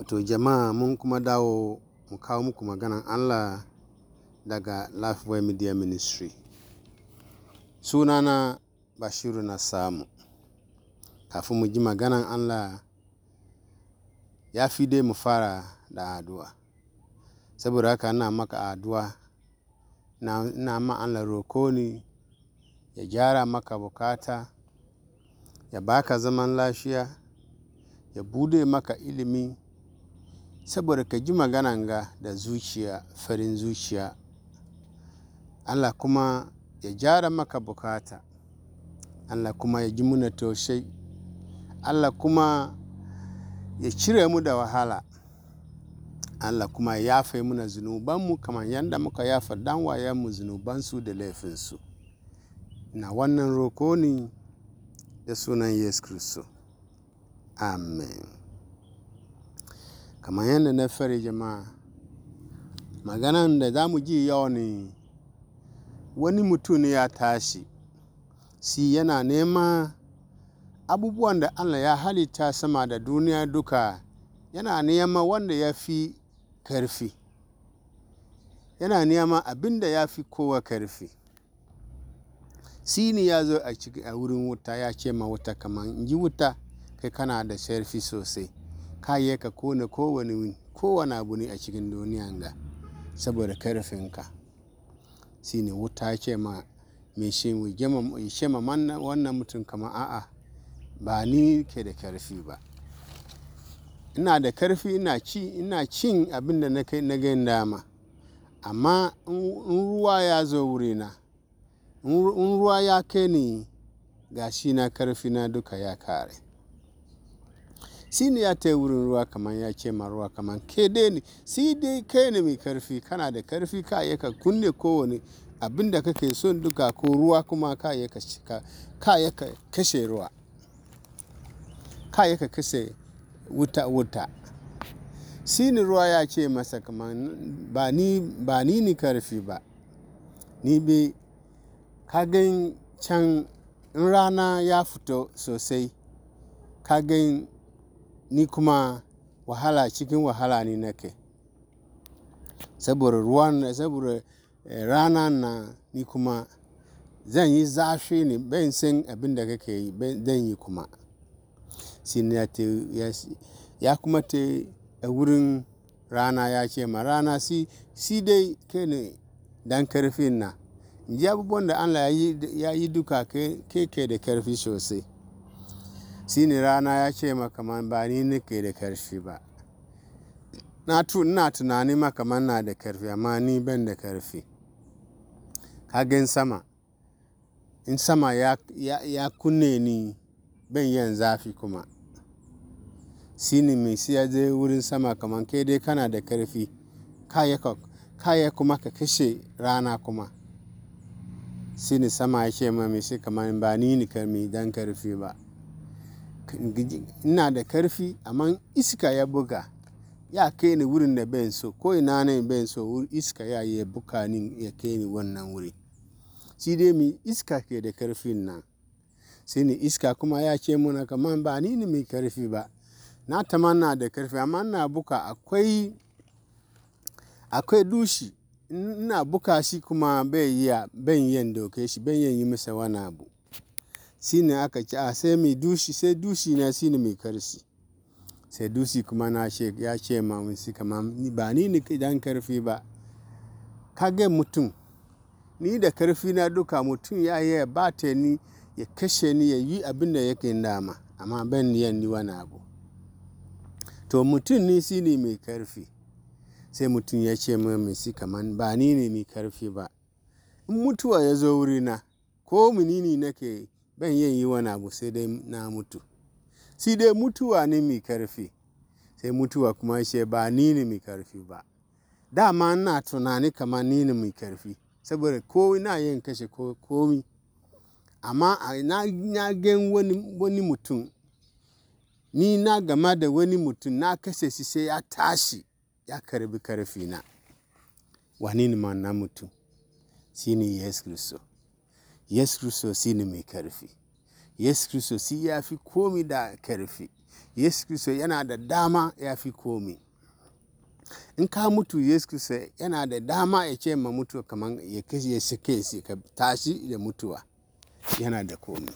Wato jama'a mun kuma dawo mu kawo muku maganan Allah daga Lifeway Media Ministry. Sunana Bashiru na samu. Kafin mu ji maganan Allah ya fi dai mu fara da addu'a. Saboda haka na maka addu'a, na ma Allah roko ne ya gyara maka bukata, ya baka zaman lafiya, ya bude maka ilimi, saboda ka ji magananga da zuciya farin zuciya allah kuma ya jara maka bukata allah kuma ya ji muna toshai allah kuma ya cire mu da wahala allah kuma ya yafe muna zunubanmu kamar yadda muka yafa dan zunubansu da laifinsu na wannan roko ne da sunan yesu kristo amen Kamar yadda na fara jama'a, maganan da za mu ji yau ne wani mutum ya tashi, shi yana nema abubuwan da Allah ya halitta sama da duniya duka, yana nema wanda ya fi karfi yana nema abin da ya fi kowa karfi sini ya zo a wurin wuta ya ce ma wuta kamar, in ji wuta kai kana da sharfi sosai. ka ka kona kowane kowane abu ne a cikin duniya ga saboda karfinka ne wuta ce ma mai ce ma wannan mutum kama a'a ba ni ke da karfi ba ina da karfi ina ci ina cin abin da na kai na gain dama amma in ruwa ya zo wurina in ruwa ya kai ni ga shi na karfi na duka ya kare shine ya tayi wurin ruwa kamar ya ma ruwa kamar ke dai ne shi dai kai ne mai karfi kana da karfi ka iya ka kunne kowane abin da kake son duka ko ruwa kuma ka iya ka kashe ruwa ka iya ka kashe wuta wuta shi ruwa ya ce masa kamar ba ni ba ni karfi ba ni bi ka gan can in rana ya fito sosai ka gan ni kuma wahala cikin wahala ne nake. Saboda ruwan, saboda eh, rana na ni kuma zan yi zafi ne ban san abin da kake yi zan yi kuma. ya kuma te a wurin rana ya ce ma rana si, si dai ke ne dan karfin na, Ji abubuwan da Allah ya yi, duka ke ke da karfi sosai. ne rana ya ce makaman ba ni nake da karfi ba na ina tunani makaman na da karfi amma ni ban da karfi kagin sama in sama ya, ya, ya kunne ni ban yan zafi kuma ne mai siya zai wurin sama kaman kai dai kana da karfi kaya kuma ka kashe rana kuma ne sama ya ce mai kaman ba ni ni karmi don karfi ba ina da karfi amma iska ya buga ya kai ni wurin da ben so ko ina ne ben so iska ya yi buka ni ya kai ni wannan wuri shi dai mi iska ke da karfin na, sai ni iska kuma ya ce muna kaman ba ni ne mai karfi ba na tamanna da karfi amma na buka akwai akwai dushi ina buka shi kuma bai yi ben yin doke shi ben yin yi masa wani abu ne aka ki a sai mai dushi sai dushi na ne mai sai dushi kuma na ce ya ce ma musu kama ba ni ne dan karfi ba Ka ga mutum ni da karfi na duka mutum ya yi ya bata ni ya kashe ni ya yi abin da yake dama amma ban yan ni wani abu to mutum ni ne mai karfi sai mutum ya ce ma misi kaman ba ni ne mai karfi ba in mutuwa ya zo wurina ko ne nake ban yin yi wani abu sai dai na mutu si dai mutuwa ne mai karfi sai mutuwa kuma shi ba ni ne mai karfi ba dama ina tunani kama ni ne mai karfi saboda ko na yin kashe komi amma na gan wani mutum ni na gama da wani mutum na kashe shi sai ya tashi ya karbi karfi na wani ne ma na mutum shi ne yesu kristo Yesu Kiristo ne mai karfi. Yesu Kiristo ya fi komi da karfi. Yesu Kiristo yana da dama ya fi komi. In ka mutu Yesu Kiristo yana da dama ya ce ma mutu kamar ya kashe shi ka tashi da mutuwa. Yana da komi.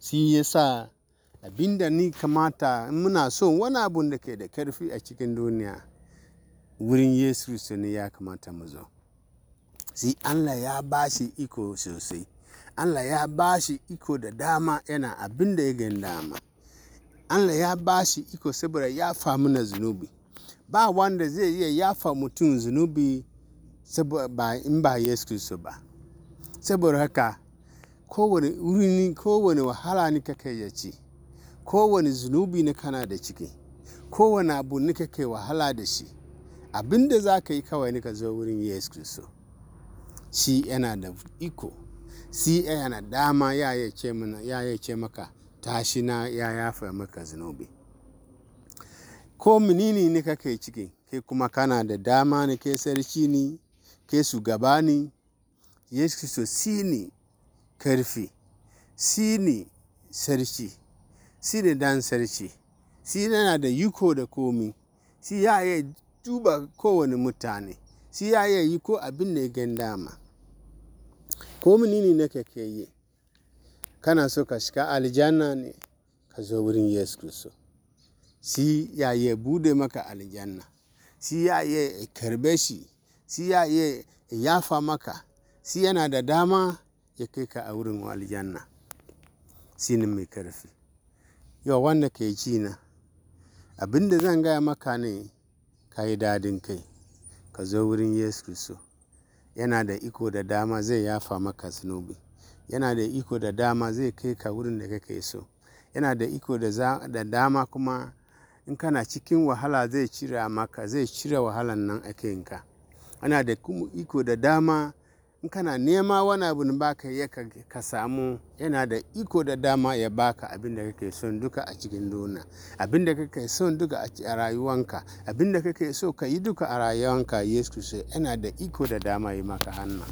Shi ya sa abin da ni kamata in muna so wani abun da ke da karfi a cikin duniya wurin Yesu Kiristo ne ya kamata mu zo. shi Allah ya ba shi iko sosai Allah ya ba shi iko da dama yana abin da ya gan dama Allah ya ba shi iko saboda ya famu na zunubi ba wanda zai iya ya yafa mutum zunubi in ba Yesu Kristo ba saboda haka kowane wurin kowane wahala ni kake ya ce kowane zunubi ne kana da ciki kowane abu ni kake wahala da shi abinda da za ka yi kawai ni ka zo wurin Yesu Kristo shi yana da iko shi yana dama ya ya ce maka tashi na ya yafa maka zinobi ko menene ne kake ciki kai kuma kana da dama ne ke sarki ne ke shugaba ne yesu kristo shi ne karfi shi ne sarki shi ne dan sarki shi yana da yiko da komi shi ya iya duba kowane mutane shi ya iya yi ko abin da ya gan dama ko menene ne kake yi kana so ka shiga aljanna ne ka zo wurin yesu kristo shi ya iya bude maka aljanna shi ya iya karbe shi shi ya iya yafa maka Si yana da dama ya kai ka a wurin aljanna shi ne mai karfi yau wanda ke ji na abin da zan gaya maka ne ka yi dadin kai ka zo wurin Yesu kristo Yana da iko da dama zai yafa maka zunubi. Yana da iko da dama zai kai ka wurin da kake so. Yana da iko da dama kuma in kana cikin wahala zai cire maka, zai cire wahalan nan a kanka. Yana da iko da dama in kana nema wani abu ba baka ya ka samu yana da iko da dama ya baka abin da kake son duka a cikin duniya abin da kake son duka a rayuwanka abin da kake so ka yi duka a rayuwanka yesu yana da iko da dama ya maka hannu.